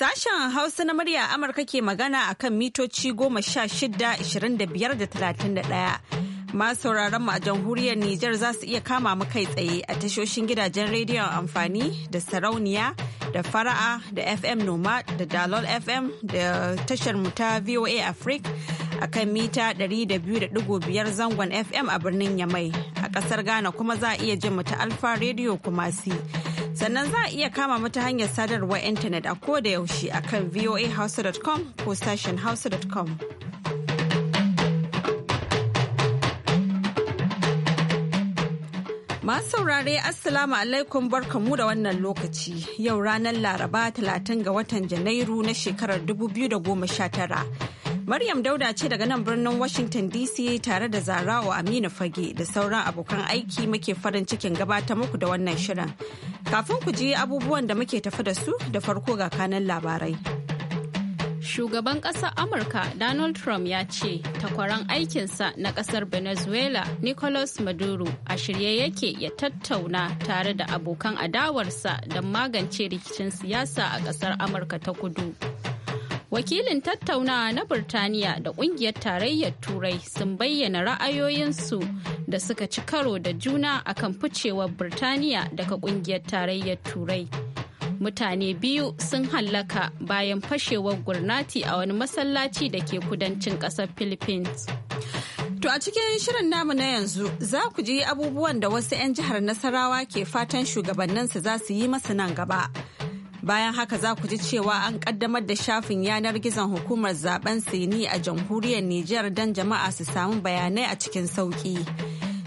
Sashen Hausa na murya Amurka ke magana a kan mitoci goma sha shida, ishirin da biyar da talatin da ɗaya. Masu sauraron mu a jamhuriyar Nijar za su iya kama mu kai tsaye a tashoshin gidajen rediyon amfani da sarauniya da fara'a da FM Noma da Dalol FM da tashar mu ta VOA Africa a kan mita 200.5 zangon FM a birnin Yamai. A ƙasar Ghana kuma za a iya jin mu ta Alfa Radio Kumasi. Sannan za a iya kama mata hanyar sadarwar intanet a ko da yaushe a kan voahouse.com ko sashen Masu saurare Assalamu alaikum barkamu da wannan lokaci yau ranar Laraba 30 ga watan Janairu na shekarar 2019. Maryam Dauda ce daga nan birnin Washington DC tare da Zarawa Aminu Fage da sauran abokan aiki muke farin cikin gabata muku da wannan shirin. Kafin ku ji abubuwan da muke tafi da su da farko ga kanan labarai. Shugaban ƙasar Amurka Donald Trump ya ce takwaran aikinsa na ƙasar Venezuela Nicolas Maduro a shirye yake ya tattauna tare da abokan adawarsa don magance rikicin siyasa a ƙasar Amurka ta kudu. wakilin tattaunawa na Birtaniya da kungiyar tarayyar Turai sun bayyana ra'ayoyinsu da suka ci karo da juna akan ficewar Birtaniya daga kungiyar tarayyar Turai. Mutane biyu sun hallaka bayan fashewar gurnati a wani masallaci da ke kudancin kasar Philippines. To a cikin shirin namu na yanzu za ku ji abubuwan da wasu 'yan jihar Nasarawa ke fatan shugabanninsu za su yi masu nan gaba. bayan haka za ku ji cewa an kaddamar da shafin yanar gizon hukumar zaben sini a jamhuriyar Nijar don jama'a su samu bayanai a cikin sauki.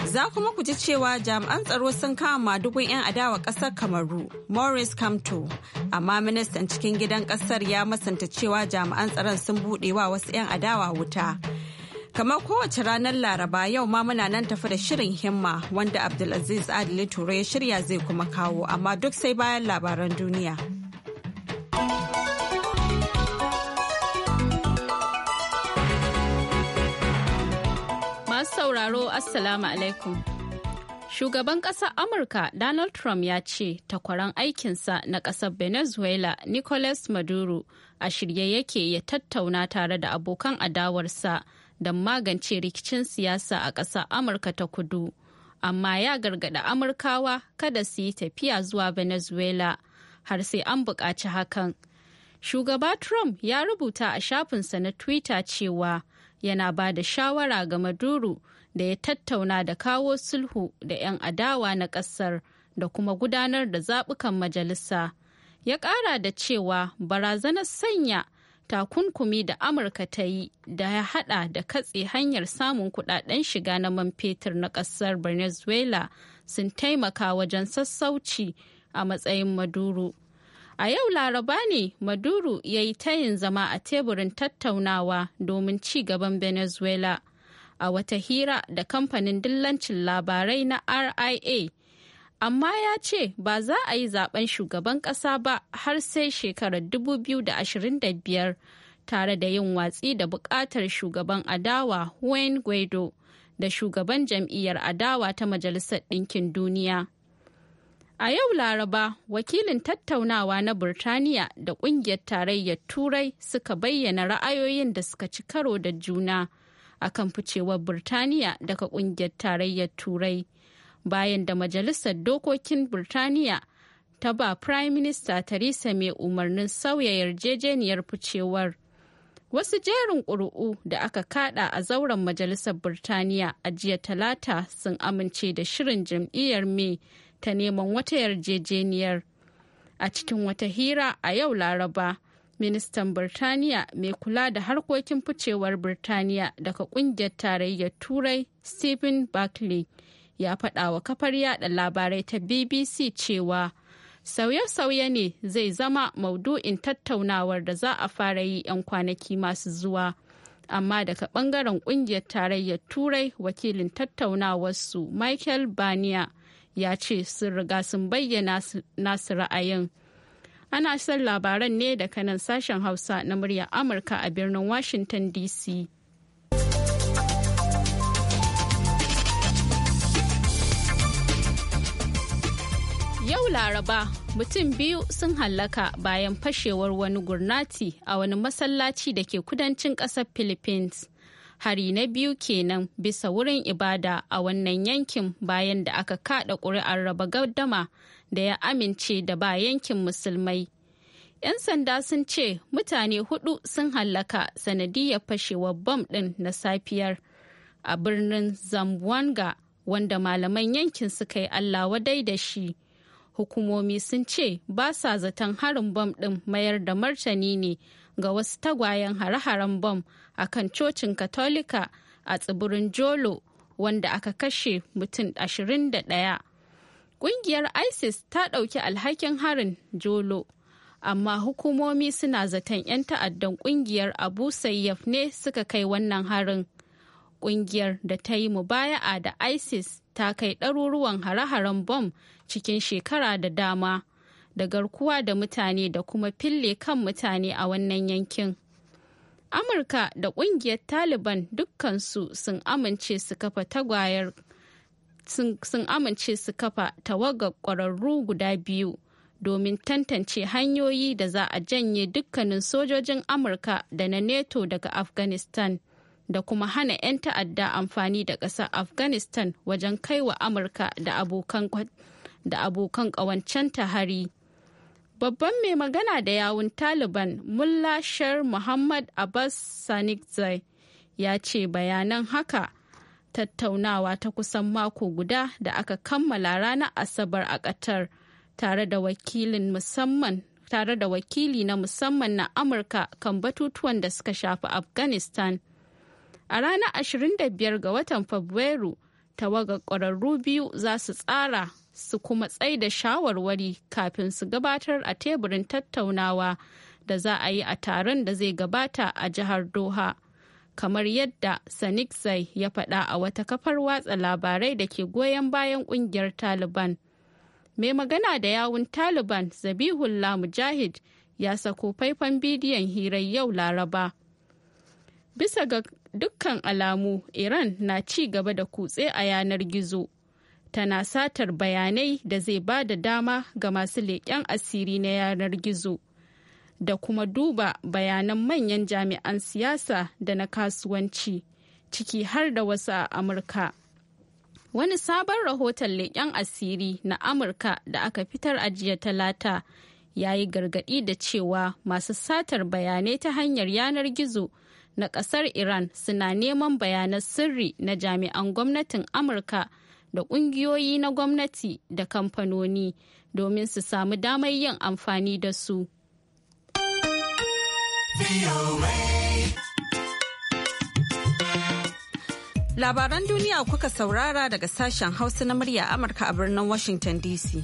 Za kuma ku ji cewa jami'an tsaro sun kama madugun 'yan adawa ƙasar Kamaru, (Morris, Kamto, amma ministan cikin gidan ƙasar ya masanta cewa jami'an tsaron sun buɗe wa wasu 'yan adawa wuta. kamar kowace ranar laraba yau ma muna nan tafi da shirin himma wanda abdulaziz adili ture ya shirya zai kuma kawo amma duk sai bayan labaran duniya. sauraro Assalamu alaikum. Shugaban ƙasar Amurka Donald Trump ya ce takwaran aikinsa na ƙasar Venezuela Nicolas Maduro a shirye yake ya tattauna tare da abokan adawarsa don magance rikicin siyasa a ƙasar Amurka ta kudu. Amma ya gargada Amurkawa kada su yi tafiya zuwa Venezuela har sai an buƙaci hakan. Shugaba Trump ya rubuta a shafinsa na Twitter cewa yana ba da shawara ga Maduro da ya tattauna da kawo sulhu da 'yan adawa na ƙasar da kuma gudanar da zaɓukan majalisa. Ya ƙara da cewa barazanar sanya takunkumi da Amurka ta yi da ya haɗa da katse hanyar samun kuɗaɗen shiga na man fetur na ƙasar Venezuela sun taimaka wajen sassauci a matsayin Maduro. A yau Laraba ne Maduro ya yi tayin zama a teburin tattaunawa domin ci gaban Venezuela. a wata hira da kamfanin dillancin labarai na RIA. Amma ya ce ba za a yi zaben shugaban ƙasa ba har sai shekarar 2025 tare da yin watsi da buƙatar shugaban adawa Wayne Guaido da shugaban jam'iyyar adawa ta Majalisar Ɗinkin Duniya. A yau Laraba, wakilin tattaunawa na Burtaniya da ƙungiyar tarayyar Turai suka bayyana ra'ayoyin da suka ci karo da juna. akan ficewar Birtaniya daga kungiyar tarayyar Turai bayan da Majalisar Dokokin Birtaniya ta ba Prime Minister Theresa May umarnin sauya yarjejeniyar ficewar. Wasu jerin ƙuri'u da aka kada a zauren Majalisar Birtaniya a jiya Talata sun amince da shirin jam'iyyar May ta neman wata yarjejeniyar. A cikin wata hira a yau Laraba. ministan Birtaniya mai kula da harkokin ficewar Birtaniya daga kungiyar tarayyar Turai Stephen Buckley ya faɗa wa kafar yada labarai ta BBC cewa sauye-sauye ne zai zama maudu'in tattaunawar da za a fara yi 'yan kwanaki masu zuwa. Amma daga bangaren ƙungiyar tarayyar Turai wakilin tattaunawarsu Michael Bania ya ce sun riga sun bayyana nasu ra'ayin. Ana son labaran ne daga nan sashen Hausa na murya Amurka a birnin Washington DC. Yau Laraba mutum biyu sun hallaka bayan fashewar wani gurnati a wani masallaci da ke kudancin ƙasar Philippines. Hari na biyu kenan bisa wurin ibada a wannan yankin bayan da aka kada ƙuri'ar raba gaddama da ya amince da ba yankin musulmai 'yan sanda sun ce mutane hudu sun hallaka sanadiyar fashewar bom ɗin na safiyar a birnin zamboanga wanda malaman yankin suka yi allah wadai da shi hukumomi sun ce ba sa zaton harin bom ɗin mayar da martani ne ga wasu tagwayen hare-haren bom a kan cocin katolika a tsibirin jolo wanda aka kashe mutum 21 Ƙungiyar ISIS ta ɗauki alhakin harin Jolo, amma hukumomi suna zaton 'yan ta'addan ƙungiyar Abu Sayyaf ne suka kai wannan harin. Ƙungiyar da ta yi mubaya'a da ISIS ta kai ɗaruruwan hare-haren bom cikin shekara da dama, da garkuwa da mutane da kuma fille kan mutane a wannan yankin. Amurka da ƙungiyar Taliban dukkansu sun amince su kafa tagwayar sun amince su kafa tawagar ƙwararru guda biyu domin tantance hanyoyi da za a janye dukkanin sojojin amurka da na neto daga afghanistan da kuma hana 'yan ta'adda amfani da ƙasar afghanistan wajen kai wa amurka da abokan ƙawancen hari babban mai magana da yawun taliban mullah shar muhammad abbas sanikzai ya ce bayanan haka tattaunawa ta kusan mako guda da aka kammala ranar asabar a ƙatar tare da wakilin musamman tare da wakili na musamman na amurka kan batutuwan da suka shafi afghanistan a ranar 25 ga watan fabrairu tawagar ƙwararru biyu za su tsara su kuma tsaida da shawarwari kafin su gabatar a teburin tattaunawa da za a yi a taron da zai gabata a jihar doha kamar yadda Sanixai ya faɗa a wata kafar watsa labarai da ke goyon bayan ƙungiyar Taliban. Mai magana da yawun Taliban Zabihullah Mujahid ya sako faifan bidiyon hirar yau Laraba. Bisa ga dukkan alamu, Iran na ci gaba da kutse a yanar gizo. Tana satar bayanai da zai ba da dama ga masu leƙen asiri na yanar gizo. da kuma duba bayanan manyan jami'an siyasa da na kasuwanci ciki har da wasu a amurka wani sabon rahoton leƙen asiri na amurka da aka fitar a talata ya yi gargaɗi da cewa masu satar bayanai ta hanyar yanar gizo na ƙasar iran suna neman bayanan sirri na jami'an gwamnatin amurka da ƙungiyoyi na gwamnati da kamfanoni domin su samu damar yin amfani da su Labaran duniya kuka saurara daga sashen Hausa na murya Amurka a birnin Washington DC.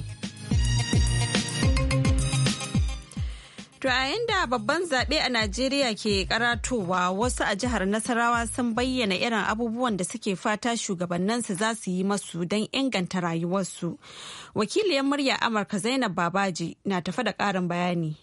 To a da babban zaɓe a Najeriya ke karatowa wasu a jihar Nasarawa sun bayyana irin abubuwan da suke fata shugabanninsu za su yi masu don inganta rayuwarsu. Wakiliyar murya Amurka Zainab Babaji na tafa da ƙarin bayani.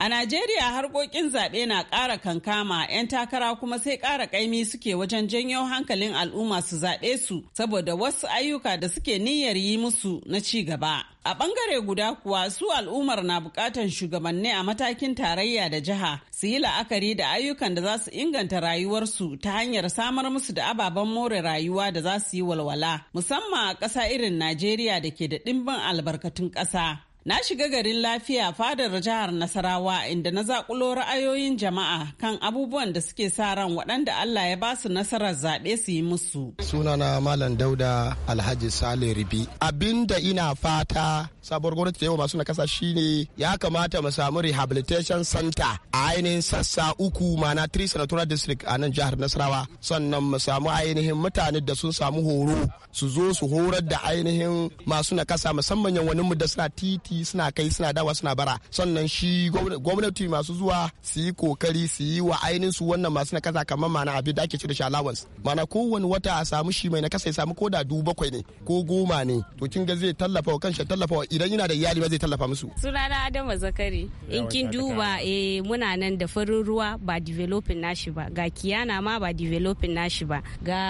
A Najeriya harkokin zaɓe na ƙara kankama 'yan takara kuma sai ƙara ƙaimi suke wajen janyo hankalin al'umma su zaɓe su saboda wasu ayyuka da suke niyyar yi musu na ci gaba. A ɓangare guda kuwa su al'ummar na buƙatar shugabanni a matakin tarayya da jiha su yi la'akari da ayyukan da za su inganta rayuwarsu ta hanyar samar musu da ababen more rayuwa da za su yi walwala musamman a ƙasa irin Najeriya da ke da ɗimbin albarkatun ƙasa. Na shiga garin lafiya fadar jihar Nasarawa inda na zakulo ra'ayoyin jama'a kan abubuwan da suke sa ran waɗanda Allah ya ba su nasarar zaɓe su yi musu. Sunana Malam Dauda Alhaji Sale Ribi. Abinda ina fata sabuwar gwamnati yau masu nakasa shine ya kamata mu samu rehabilitation center a ainihin sassa uku mana three senatorial district a nan jihar Nasarawa sannan mu samu ainihin mutane da sun samu horo su zo su horar da ainihin masu nakasa musamman yan mu da suna titi gwamnati suna kai suna dawa suna bara sannan shi gwamnati masu zuwa su yi kokari su yi wa ainihin su wannan masu na kasa kamar mana abin da ake ce da shi allowance mana kowane wata a samu shi mai na kasa ya samu ko da dubu bakwai ne ko goma ne to kin ga zai tallafa wa kanshi tallafa wa idan yana da iyali ba zai tallafa musu sunana adama zakari in kin duba eh muna nan da farin ruwa ba developing nashi ba ga kiyana ma ba developing nashi ba ga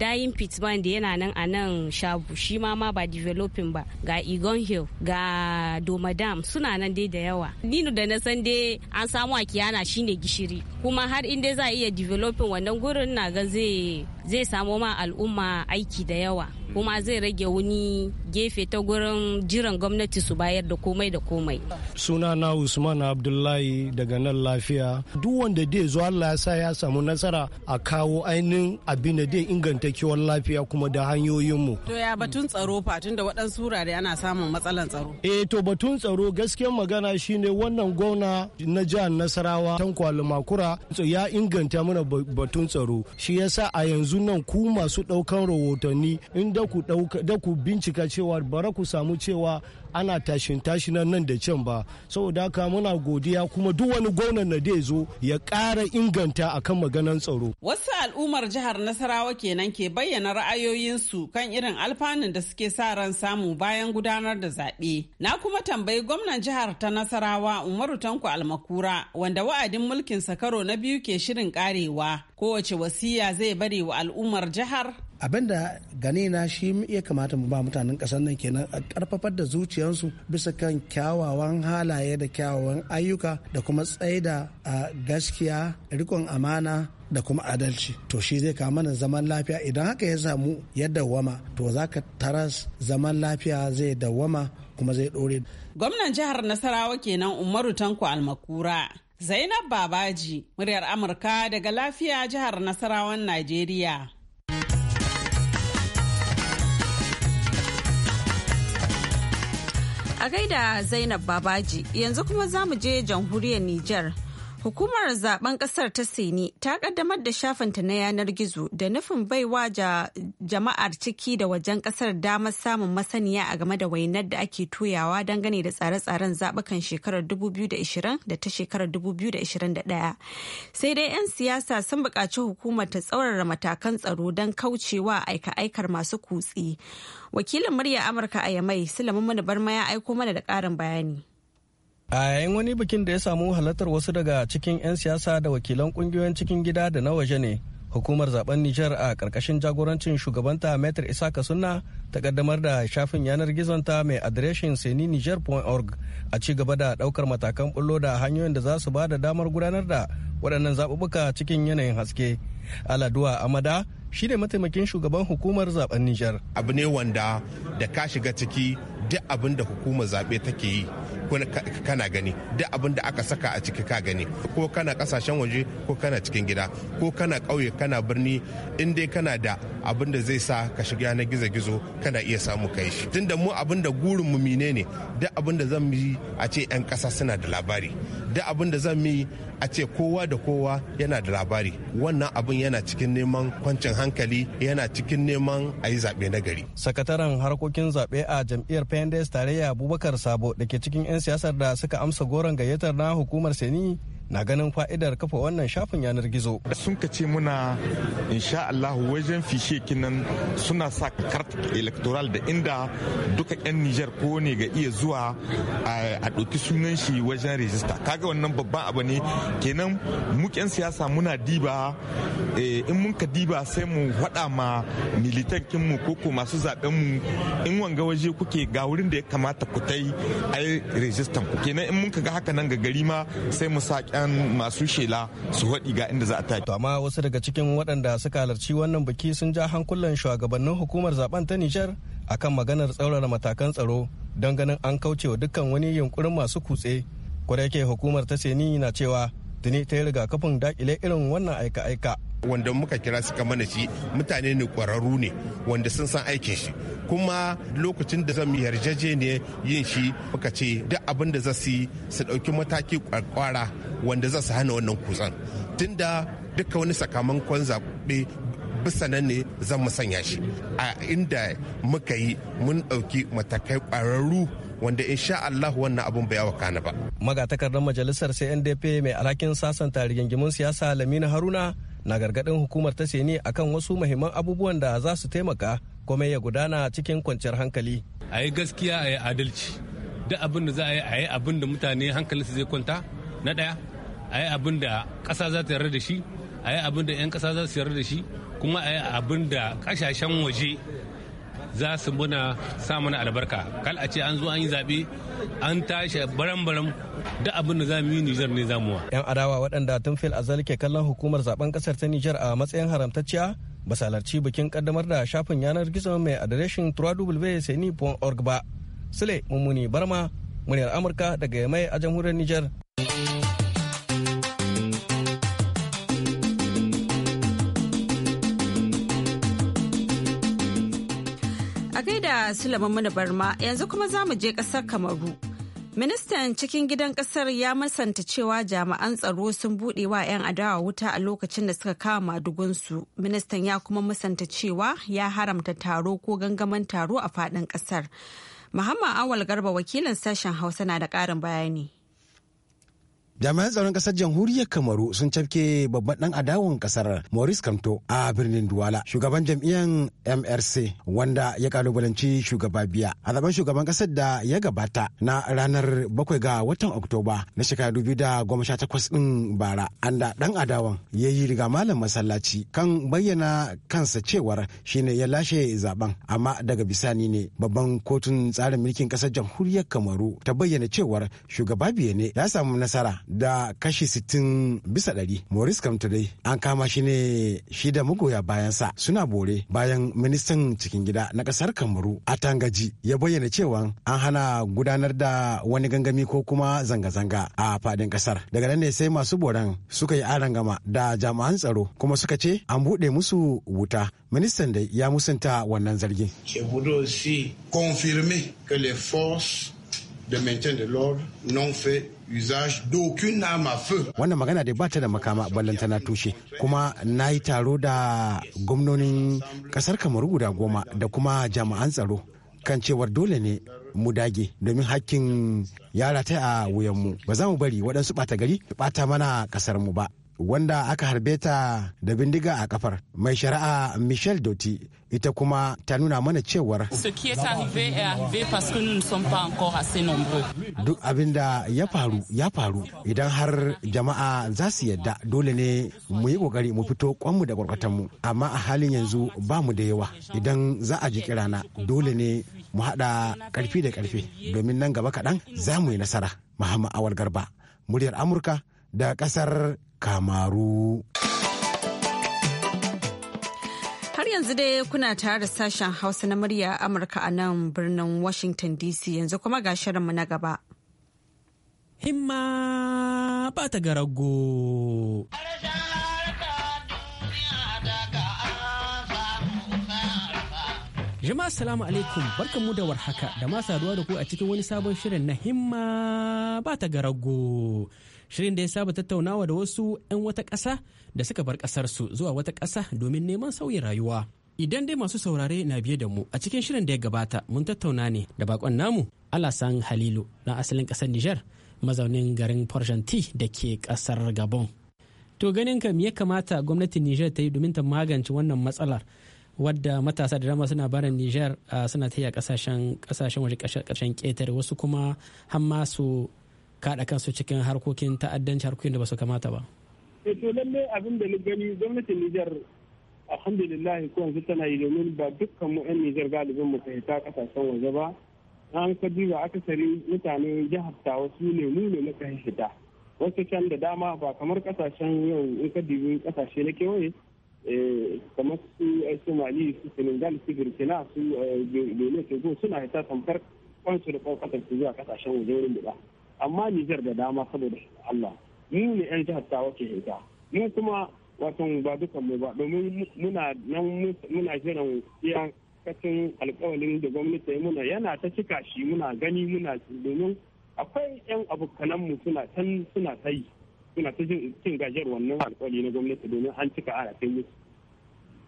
dayin pittman da yana nan a nan shabu shi ma ma ba developing ba ga igon hill ga domadam suna nan dai da yawa nino da na san dai an samu a kiyana shine gishiri kuma har inda za a iya developing wannan gurin na ga zai zai samo ma al'umma aiki da yawa kuma zai rage wani gefe ta gurin jiran gwamnati su bayar da komai da komai suna na usman abdullahi daga nan lafiya duk wanda dai zuwa allah ya sa ya samu nasara a kawo ainihin abin da dai inganta kiwon lafiya kuma da hanyoyinmu to ya batun tsaro fatun da waɗansu wurare ana samun matsalan tsaro eh to batun tsaro gaskiyan magana shine wannan gwamna na jihar nasarawa tankwali makura ya inganta mana batun tsaro shi yasa a yanzu nan ku masu ɗaukan rahotanni inda da ku bincika cewa bara ku samu cewa ana tashin tashin nan da can ba saboda haka muna godiya kuma duk wani gwamnan na dai zo ya ƙara inganta akan maganan tsaro wasu al'ummar jihar nasarawa kenan ke bayyana ra'ayoyinsu kan irin alfanun da suke sa ran samu bayan gudanar da zaɓe na kuma tambayi gwamnan jihar ta nasarawa umaru tanko almakura wanda wa'adin mulkin sakaro na biyu ke shirin karewa kowace wasiya zai bari wa al'ummar jihar abinda gani na shi ya kamata mu ba mutanen kasar nan kenan a karfafar da zuciyarsu bisa kan kyawawan halaye da kyawawan ayyuka da kuma tsaida a gaskiya rikon amana da kuma adalci to shi zai kawo mana zaman lafiya idan haka ya samu ya dawama to za ka taras zaman lafiya zai dawama kuma zai dore gwamnan jihar nasarawa kenan umaru tanko almakura zainab babaji muryar amurka daga lafiya jihar nasarawan najeriya A gaida Zainab Babaji yanzu kuma za mu je jamhuriyar Nijar Hukumar zaben kasar ta Sini ta kaddamar da shafinta na yanar gizo da nufin baiwa jama'ar ciki da wajen kasar damar samun masaniya a game da wainar da ake tuyawa dangane da tsare-tsaren zabukan shekarar 2020 da ta shekarar 2021. Sai dai 'yan siyasa sun buƙaci hukumar ta tsaurara matakan tsaro don kaucewa aika-aikar masu kutsi Wakilin murya Amurka a Yamai, Sulaiman Barma ya aiko mana da ƙarin bayani. a yayin wani bikin da ya samu halartar wasu daga cikin 'yan siyasa da wakilan kungiyoyin cikin gida da na waje ne hukumar zaben nijar a karkashin jagorancin shugabanta metir isaka sunna ta kaddamar da shafin yanar gizonta mai adireshin org a ci gaba da daukar matakan bullo da hanyoyin da za su ba da damar gudanar da waɗannan zaɓuɓɓuka cikin yanayin haske aladuwa amada shi ne mataimakin shugaban hukumar zaben Nijar. Abu ne wanda da ka shiga ciki duk abin da hukumar zaɓe take yi kana gani duk abin da aka saka a ciki ka gani ko kana kasashen waje ko kana cikin gida ko kana ƙauye kana birni in dai kana da abin da zai sa ka shiga na gizo-gizo kana iya samu kai shi tunda mu abin da gurin mu mine ne duk abin da zan yi a ce 'yan kasa suna da labari duk abin da zan yi a ce kowa da kowa yana da labari wannan abin yana cikin neman kwancin hankali yana cikin neman a yi zaɓe na gari sakataren harkokin zaɓe a jam'iyyar pendes tarayya abubakar sabo da ke cikin 'yan siyasar da suka amsa goron gayyatar na hukumar seni na ganin fa'idar kafa wannan shafin yanar gizo. Sun ka ce muna insha Allah wajen fishe kinan suna sa karta electoral da inda duka 'yan Nijar ko ne ga iya zuwa a ɗauki sunan shi wajen rijista. Kaga wannan babban abu ne kenan muke siyasa muna diba eh, in mun ka diba sai mu faɗa ma militankin mu ko ko masu zaben mu in wanga waje kuke ga wurin da ya kamata ku tai ai rijistan ku kenan in mun ka ga haka nan ga gari ma sai mu sa 'yan masu shela su haɗi ga inda za a tafi. amma wasu daga cikin waɗanda suka halarci wannan biki sun ja hankulan shugabannin hukumar zaben ta nijar akan maganar tsaurara matakan tsaro don ganin an kauce wa dukkan wani yunkurin masu kutse ko da hukumar ta seni na cewa tuni ta yi rigakafin dakile irin wannan aika-aika wanda muka kira suka mana shi mutane ne kwararru ne wanda sun san aikin shi kuma lokacin da zan yarjeje ne yin shi muka ce duk abin da za su yi su ɗauki mataki kwakwara wanda zasu hana wannan kutsan tunda duka wani sakamakon zaɓe bisa nan ne zan mu sanya shi a inda muka yi mun ɗauki matakai kwararru wanda insha Allah wannan abun bai wakana ba. Magatakardar majalisar CNDP mai alhakin sasanta rigingimin siyasa Lamina Haruna na gargadin hukumar ta ne akan wasu muhimman abubuwan da za su taimaka kuma ya gudana cikin kwanciyar hankali a yi gaskiya a yi adalci duk abin da za a yi a yi abin da mutane hankalinsu zai kwanta na ɗaya a yi abin da ƙasa za ta yarda da shi a yi abin da 'yan ƙasa za su yarda da shi kuma a yi abin da ƙasashen waje za su muna sa albarka kal a ce an zo an yi zaɓe an tashi baram-baram da abin da za mu yi nijar ne za mu wa. yan adawa waɗanda tun fil azal ke kallon hukumar zaben ƙasar ta nijar a matsayin haramtacciya ba salarci bikin kaddamar da shafin yanar gizo mai adireshin www.seni.org ba. Sule Mummuni Barma, muryar Amurka daga Yamai a jamhuriyar Nijar. Sulaiman Barma yanzu kuma za mu je ƙasar Kamaru. Ministan cikin gidan ƙasar ya masanta cewa jami'an tsaro sun buɗe wa 'yan adawa wuta a lokacin da suka kama madugunsu. Ministan ya kuma masanta cewa ya haramta taro ko gangaman taro a faɗin ƙasar. Muhammad Awal Garba wakilin sashen Hausa na da ƙarin bayani. jami'an tsaron kasar jamhuriyar kamaru sun cafke babban dan adawan kasar maurice kamto a birnin duwala shugaban jam'iyyar mrc wanda ya kalubalanci shugaba biya a zaben shugaban kasar da ya gabata na ranar bakwai ga watan oktoba na shekara dubu da takwas din bara an da dan adawan ya yi riga malam masallaci kan bayyana kansa cewar shine ya lashe zaben amma daga bisani ne babban kotun tsarin mulkin kasar jamhuriyar kamaru ta bayyana cewar shugaba biya ne ya samu nasara da kashi sittin bisa ɗari. Maurice Kamtadai an kama shi ne shi da magoya bayansa suna bore bayan ministan cikin gida na ƙasar Kamaru a Tangaji ya bayyana cewa an hana gudanar da wani gangami ko kuma zanga-zanga a faɗin ƙasar. Daga nan ne sai masu boran suka yi arangama da jami'an tsaro kuma suka ce an buɗe musu wuta. Ministan da ya musanta wannan zargin. confirmer que les forces de maintien de l'ordre n'ont fait usage d'aucune arme à Wannan magana da ba ta da makama ballan tana tushe kuma na yi taro da gwamnonin kasar kamar guda goma da kuma jami'an tsaro kan cewar dole ne mu dage domin hakkin yara ta a wuyanmu ba za mu bari waɗansu ɓata gari ɓata mana ƙasarmu ba. wanda aka harbe ta da bindiga a kafar mai shari'a michel doti ita kuma ta nuna mana cewar duk abin da ya faru ya faru idan har jama'a za su yadda dole ne mu yi kokari mu fito kwanmu da kwarkwatanmu amma a halin yanzu ba mu da yawa idan za a ji kirana dole ne mu haɗa ƙarfi da ƙarfi domin nan gaba kaɗan za mu yi nasara muhammad awal garba muryar amurka da ƙasar kamaru har yanzu dai kuna tare da sashen hausa na murya amurka a nan birnin washington dc yanzu kuma ga shirinmu na gaba himma ba ta garago Jama'a salamu alaikum barkanmu da warhaka da ma saduwa da ku a cikin wani sabon shirin na himma ba ta garago shirin da ya saba tattaunawa da wasu 'yan wata ƙasa da suka bar ƙasarsu zuwa wata ƙasa domin neman sauyin rayuwa. Idan dai masu saurare na biye da mu a cikin shirin da ya gabata mun tattauna ne da bakon namu Alasan Halilu na asalin ƙasar Nijar mazaunin garin Porjanti da ke ƙasar Gabon. To ganin kam ya kamata gwamnatin Nijar ta yi domin ta magance wannan matsalar wadda matasa da dama suna barin Nijar suna ta yi a ƙasashen waje ƙarshen ƙetare wasu kuma har su kaɗa kansu cikin harkokin ta'addanci harkokin da ba su kamata ba. to lalle abin da ni gani gwamnatin Nijar alhamdulillah ko yanzu tana yi domin ba dukkan mu 'yan Nijar galibin mu ta kasashen waje ba an ka duba akasari mutane jihar tawasu wasu ne mu ne muka fita wasu can da dama ba kamar kasashen yau in ka dibi kasashe na kewaye eh, kamar su eh, somali su senegal su burkina su eh, benin suna hita tamkar kwansu da kwan zuwa kasashen waje wurin buɗa amma nijar da dama saboda Allah mu ne yan jihar ta wace hita mu kuma wato ba dukan mu ba domin muna nan muna jiran ya kacin alkawalin da gwamnati ya muna yana ta cika shi muna gani muna domin akwai yan abokanan mu suna can suna ta suna ta jin cin gajiyar wannan alkawali na gwamnati domin an cika ana ta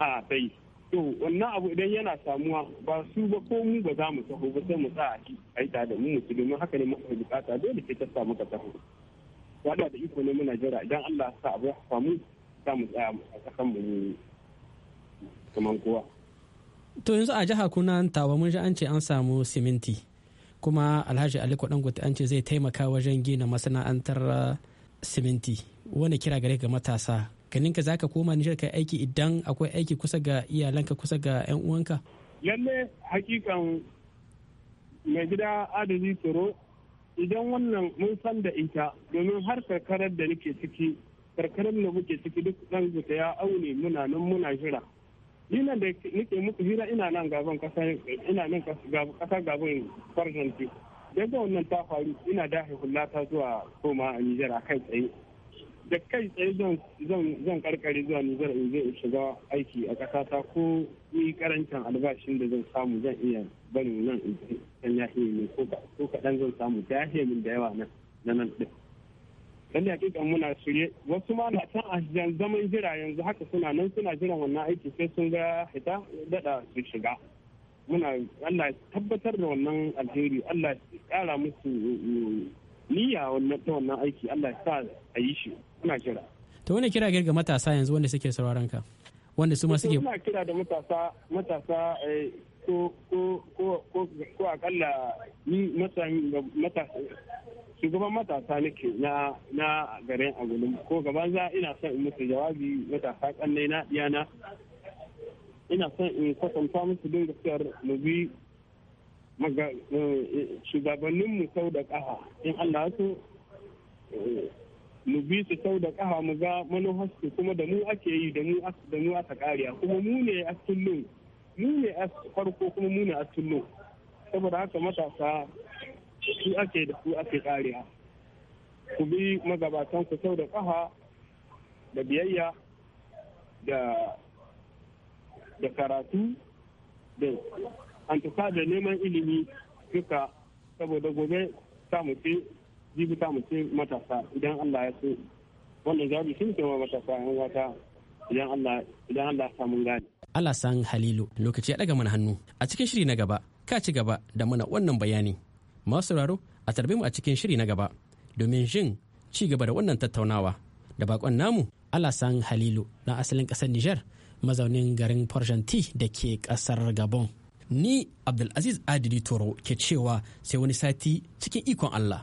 a ta yi to wannan abu idan yana samuwa ba su ba ko mu ba za mu taho ba sai mu sa a yi da mu mutu domin haka ne mafi bukata dole sai ta samu ka taho wanda da iko ne muna jira idan Allah sa abu ya samu za mu tsaya a kasan mu kaman kowa to yanzu a jiha kuna tawa mun ji an ce an samu siminti kuma alhaji aliko dangote an ce zai taimaka wajen gina masana'antar uh, siminti wani kira gare ga matasa za ka koma Nijar ka aiki idan akwai aiki kusa ga iyalanka kusa ga 'yan uwanka? Lalle hakikan mai gida adadi tsoro idan wannan mun san da ita domin har karkarar da nake ciki karkarar da muke ciki duk dan zuta ya aune muna nan muna jira. ni nan da nake muku hira ina nan gaban kasa ina nan kasa gaban farjanti daga wannan ta faru ina da hulata zuwa koma a Nijar a kai tsaye da kai tsaye zan karkare zuwa nijar in zai shiga aiki a ta ko ni karancin albashin da zan samu zan iya barin nan in ya ne ko kaɗan zan samu ta yahe min da yawa na nan ɗin da hakika muna shirye wasu ma na can a zaman jira yanzu haka suna nan suna jiran wannan aiki sai sun ga fita daɗa su shiga muna Allah tabbatar da wannan alheri Allah ya ƙara musu mm, mm, niyya wannan ta wannan aiki Allah ya sa a yi shi ina kira. to wani kira ga matasa yanzu wanda suke sauraron ka wanda su ma suke ina kira da matasa matasa eh, ko ko akalla ni matasa shugaban matasa nake na na garin agulun ko gaban za ina son in musu jawabi matasa kanne na diyana ina son in kwatanta musu don gaskiyar mu eh, shugabanninmu sau da ƙaha in Allah su eh, mu bi su sau da kafa mu ga manufarsu kuma da mu ake yi da mu da mu aka kariya kuma mu ne a tullo mu ne a farko kuma mu ne a tullo saboda haka matasa su ake da su ake kariya ku bi magabatan ku sau da kafa da biyayya da da karatu da an da neman ilimi duka saboda gobe samu fi jibuta mu ce matasa idan Allah ya so wannan shi matasa yan wata idan Allah idan Allah ya samu Allah san Halilu lokaci ya daga mana hannu a cikin shiri na gaba ka ci gaba da mana wannan bayani masu sauraro a tarbe mu a cikin shiri na gaba domin jin ci gaba da wannan tattaunawa da bakon namu san Halilu na asalin kasar Nijar mazaunin garin Porjanti da ke kasar Gabon. Ni Abdulaziz Adili Toro ke cewa sai wani sati cikin ikon Allah.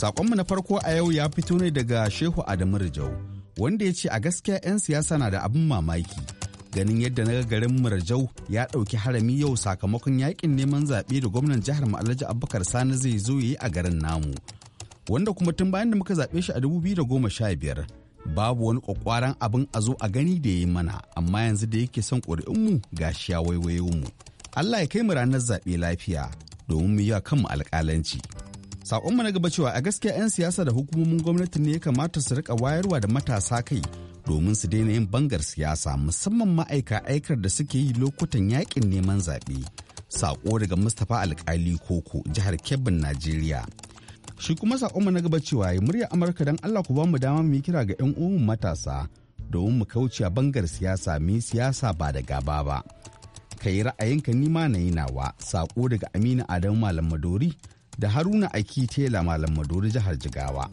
Sakonmu na farko a yau ya fito ne daga Shehu Adamu Rijau, wanda ya ce a gaskiya 'yan siyasa na da abin mamaki. Ganin yadda na garin Murjau ya ɗauki harami yau sakamakon yakin neman zaɓe da gwamnan jihar mu Alhaji Abubakar Sani zai zo yi a garin namu. Wanda kuma tun bayan da muka zaɓe shi a da goma sha biyar, babu wani ƙwaƙwaran abin a zo a gani da ya yi mana amma yanzu da yake son ƙuri'unmu ga shi ya waiwaye mu. Allah ya kai mu ranar zaɓe lafiya domin mu yi wa kanmu alƙalanci. Saƙonmu na gaba cewa a gaskiya 'yan siyasa da hukumomin gwamnati ne ya kamata su rika wayarwa da matasa kai domin su daina yin bangar siyasa musamman ma'aika aikar da suke yi lokutan yakin neman zaɓe. Saƙo daga Mustapha alkali Koko, jihar Kebbin, Najeriya. Shi kuma saƙonmu na gaba cewa murya Amurka don Allah ku bamu dama mu kira ga 'yan uwan matasa domin mu kauce a bangar siyasa mu siyasa ba da gaba ba. Ka yi ra'ayinka nima na yi nawa, saƙo daga Aminu Adamu Malam Madori, da haruna aiki tela malam maduri jihar jigawa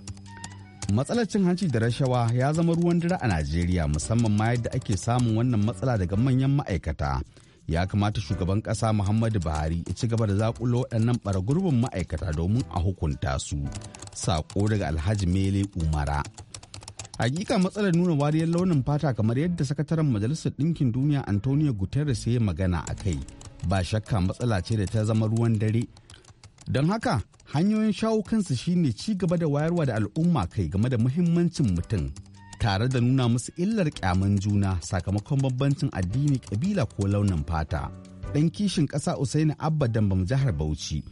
matsalar cin hanci da rashawa ya zama ruwan dare a najeriya musamman ma yadda ake samun wannan matsala daga manyan ma'aikata ya kamata shugaban kasa muhammadu buhari ya ci gaba da zakulo waɗannan ɓaragurbin ma'aikata domin a hukunta su sako daga alhaji mele umara hakika matsalar nuna wariyar launin fata kamar yadda sakataren majalisar ɗinkin duniya antonio guterres ya yi magana a kai ba shakka matsala ce da ta zama ruwan dare Don haka, hanyoyin shawo kansu shine ci gaba da wayarwa da al'umma kai game da muhimmancin mutum tare da nuna musu illar kyaman juna sakamakon bambancin addini kabila ko launin fata Ɗan kishin ƙasa usaini abba dambam jihar bauchi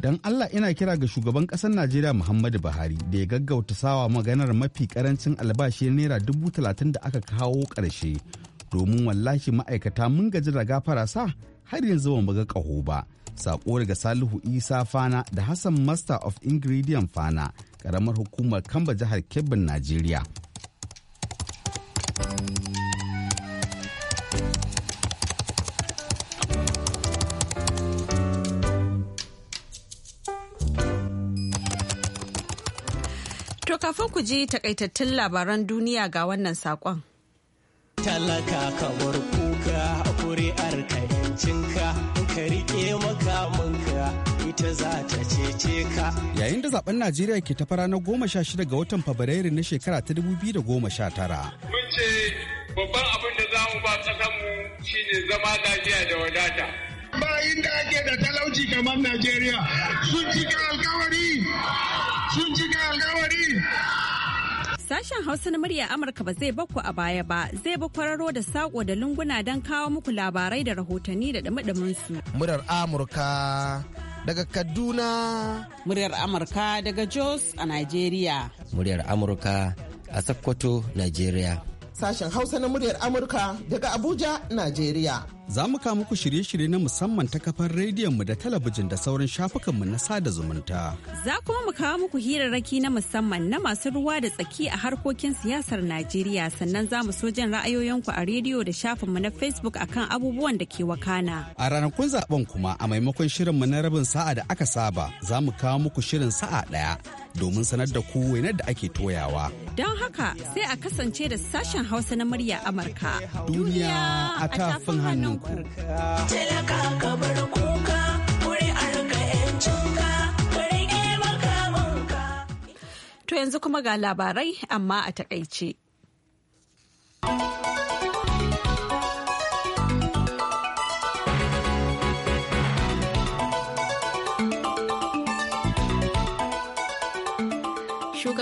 Don allah ina kira ga shugaban ƙasar najeriya muhammadu buhari da ya gaggauta sawa maganar mafi karancin albashi ya naira dubu talatin da aka kawo ƙarshe domin wallashi ma'aikata mun gaji da gafara sa har yanzu ba mu ga ƙaho ba Sako daga Salihu Isa Fana da Hassan Master of Ingredient Fana, karamar hukumar Kamba jihar Kebbin, Najeriya. To kafin ku ji takaitattun labaran duniya ga wannan sakon. Talaka kamar kuka, kuri'ar ka ka riƙe makamanka ita za ta cece ka. Yayin da zaben Najeriya ke ta fara na goma sha shida ga watan Fabrairu na shekara ta dubu biyu da goma sha tara. Mun ce babban abin da za mu ba ƙasanmu ne zama lafiya da wadata. Bayin da ake da talauci kamar Najeriya sun cika alkawari sun cika alkawari. Sashen Hausa na murya Amurka ba zai bakku a baya ba, zai bi kwararo da sako da lunguna don kawo muku labarai da rahotanni da dumi su. Murar Amurka daga Kaduna. Muryar Amurka daga Jos a Najeriya. Muryar Amurka a Sokoto, Najeriya. Sashen Hausa na muryar Amurka daga Abuja, Najeriya. Za mu kawo muku shirye-shirye na musamman ta kafar rediyonmu da talabijin da sauran shafukanmu na sada zumunta. Za kuma mu kawo muku hirarraki na musamman na masu ruwa da tsaki a harkokin siyasar Najeriya sannan za mu so jin ra'ayoyinku a rediyo da shafinmu na Facebook akan abubuwan da ke wakana. A ranakun zaben kuma a maimakon shirinmu na rabin sa'a da aka saba za mu kawo muku shirin sa'a ɗaya. domin sanar da ku wainar da ake toyawa. Don haka sai a kasance da sashen hausa na murya Amurka. Duniya a tafin hannu. ra'ayinku. Talaka ka bar kuka, kuri'ar ka 'yancinka. To yanzu kuma ga labarai amma a takaice.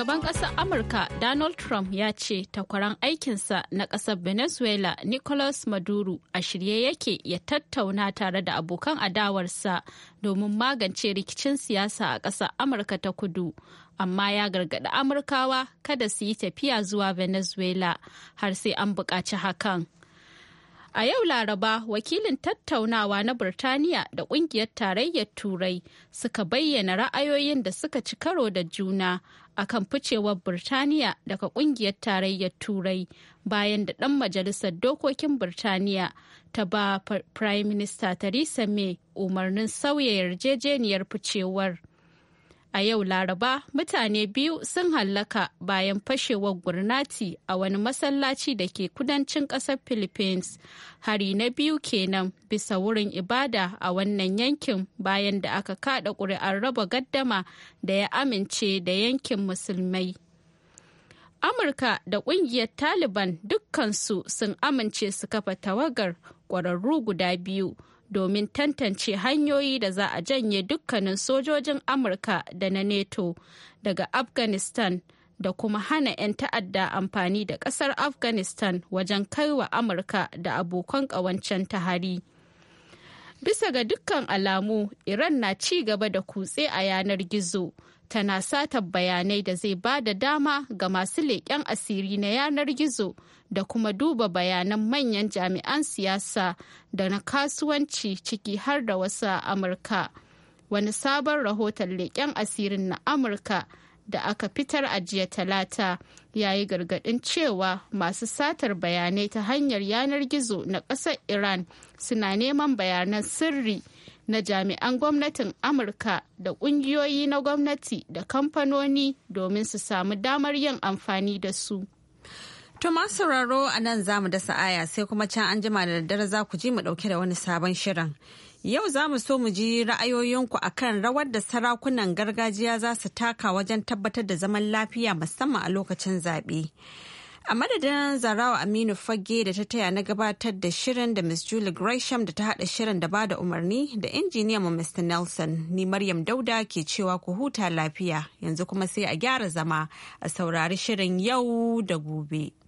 shugaban ƙasar Amurka Donald Trump ya ce takwaran aikinsa na ƙasar Venezuela Nicolas Maduro a shirye yake ya tattauna tare da abokan adawarsa domin magance rikicin siyasa a ƙasar Amurka ta kudu. Amma ya gargaɗi Amurkawa kada su yi tafiya zuwa Venezuela har sai an buƙaci hakan. A yau Laraba wakilin tattaunawa na Burtaniya da kungiyar tarayyar Turai suka bayyana ra'ayoyin da suka ci karo da juna a kan ficewar Burtaniya daga kungiyar tarayyar Turai bayan da ɗan majalisar dokokin Burtaniya ta ba Prime Minister Theresa May umarnin sauya yarjejeniyar ficewar. a yau laraba mutane biyu sun hallaka bayan fashewar gurnati a wani masallaci da ke kudancin kasar philippines hari na biyu kenan bisa wurin ibada a wannan yankin bayan da aka kada ƙuri'ar raba gaddama da ya amince da yankin musulmai amurka da ƙungiyar taliban dukkansu sun amince su kafa tawagar ƙwararru guda biyu domin tantance hanyoyi da za a janye dukkanin sojojin amurka da na neto daga afghanistan da kuma hana 'yan ta'adda amfani da kasar afghanistan wajen kaiwa amurka da abokan ƙawancen ta hari Bisa ga dukkan alamu, Iran na ci gaba da kutse a yanar gizo. Tana sata bayanai da zai ba da dama ga masu leƙen asiri na yanar gizo da kuma duba bayanan manyan jami'an siyasa da na kasuwanci ciki har da wasu a Amurka. Wani sabon rahoton leƙen asirin na Amurka da aka fitar a jiya talata ya yi gargaɗin cewa masu satar bayanai ta hanyar yanar gizo na ƙasar iran suna neman bayanan sirri na jami'an gwamnatin amurka da ƙungiyoyi na gwamnati da kamfanoni domin su samu damar yin amfani da su To masu sauraro a nan za mu dasa aya sai kuma can an jima da daddare za ku ji mu ɗauke da wani sabon shirin. Yau za mu so mu ji ra'ayoyinku a kan rawar da sarakunan gargajiya za su taka wajen tabbatar da zaman lafiya musamman a lokacin zaɓe. A madadin Zarawa Aminu Fagge da ta taya na gabatar da shirin da Miss Julie Gresham da ta haɗa shirin da ba da umarni da injiniyan mu Mr. Nelson ni Maryam Dauda ke cewa ku huta lafiya yanzu kuma sai a gyara zama a saurari shirin yau da gobe.